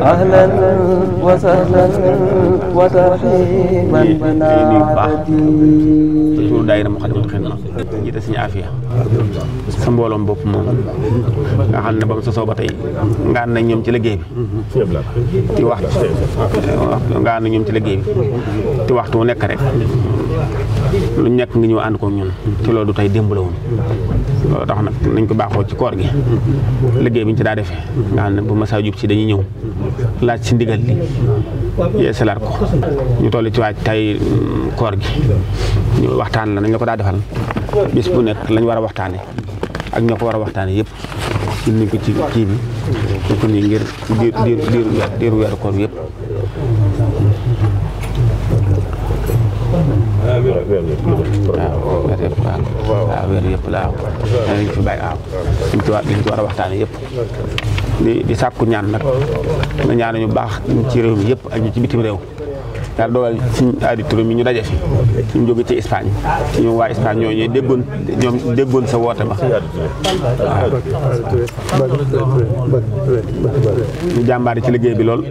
أهلا وسهلا وترحيبا بنا عددي toujours daayira Moukhaddamatoul Khidma jiite suñu sa mbooloom bopp moom nga xam ne ba mu sosoo ba tey nga ànd nañ ñoom ci liggéey bi ci waxtu nga ñoom ci liggéey bi ci waxtu nekk rek lu ñu nekk nga ñëw ànd ko ñun ci loolu tey démb la woon loolu tax nag nañ ko baaxoo ci koor gi liggéey bi ñu ci daa defee nga xam ne bu masaa jub ci dañuy ñëw laaj si ndigal li yeesalaat ko ñu toll ci waaj tey mm, koor gi ñu waxtaan la nañ la ko daa defal bis bu nekk lañ war a waxtaane ak ñoo ko war a waxtaane yëpp ñu ko ci kii bi ñu ko nii ngir diir diir diiru weeru koor bi yëpp waaw weer yëpp waaw waaw weer yëpp la waaw dañ fi bàyyi waaw liñ ci war liñ ci war a waxtaane yëpp di di sàkku ñaan nag nga ñaan ñu baax ci réew mi yëpp ak ñu ci bitim réew daal dogal suñ aadi turam mi ñu daje fi ñu jóge ci Espagne ci ñoom waa Espagne ñoo ñooy déggoon ñoom déggoon sa woote ba ñu jàmbaari ci liggéey bi lool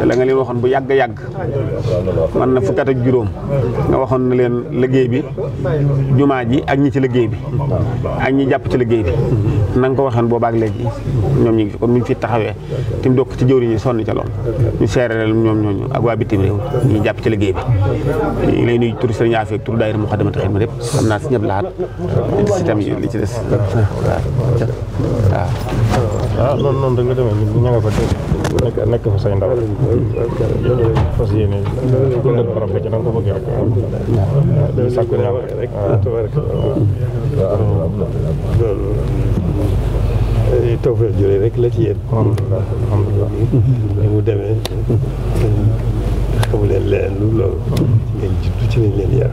te la nga leen waxoon bu yàgg yàgg man na fukkat ak juróom nga waxoon na leen liggéey bi jumaa ji ak ñi ci liggéey bi ak ñi jàpp ci liggéey bi na nga ko waxoon boobaak léegi ñoom ñu ngi fi kon mu ngi fi taxawee tim dokk ci jëwriñ yi sonn ca lool ñu seeralal ñoom ñooñu ak waa bitim réew ñi jàpp ci liggéey bi ñu ngi lay nuyu tur sëriñ Afia ak tur daayira Muxaddamatul Xidma yëpp xam naa si ñëpp li ci des waaw ah noonu noonu da nga demee ñu ña nga ko bëggee rek dañu ah. sàkku la ci yéen alhamdulilah ni mu demee leen lu loolu ngeen jiddu ci nañ leen yar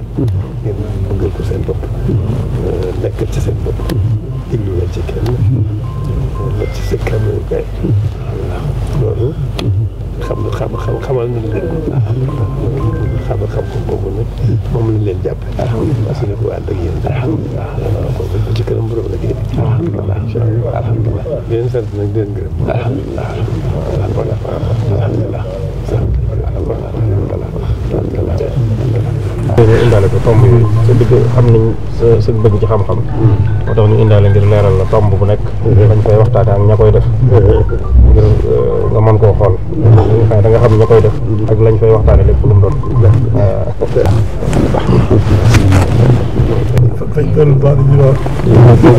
ngeen bëggal ko seen bopp nekkal ci seen bopp déglu leen ci kenn la ci sa kameyu kay loolu xam xam xam xamal nañ leen ko xam xam ko boobu nag moom lañ leen jàppe parce que ko ànd ak yéen alhamdulilah ko ci kanam borom la génn alhamdulilah alhamdulilah di leen sant nag di leen gërëm alhamdulilah dëgg xam nañ sa sa bëgg ci xam-xam moo tax ñu indaale ngir leeral la tomb bu nekk dañ fay waxtaane ak ña koy def ngir nga man koo xool xëy da nga xam ña koy def ak lañ fay waxtaane lépp lu mu doon fañ doon baax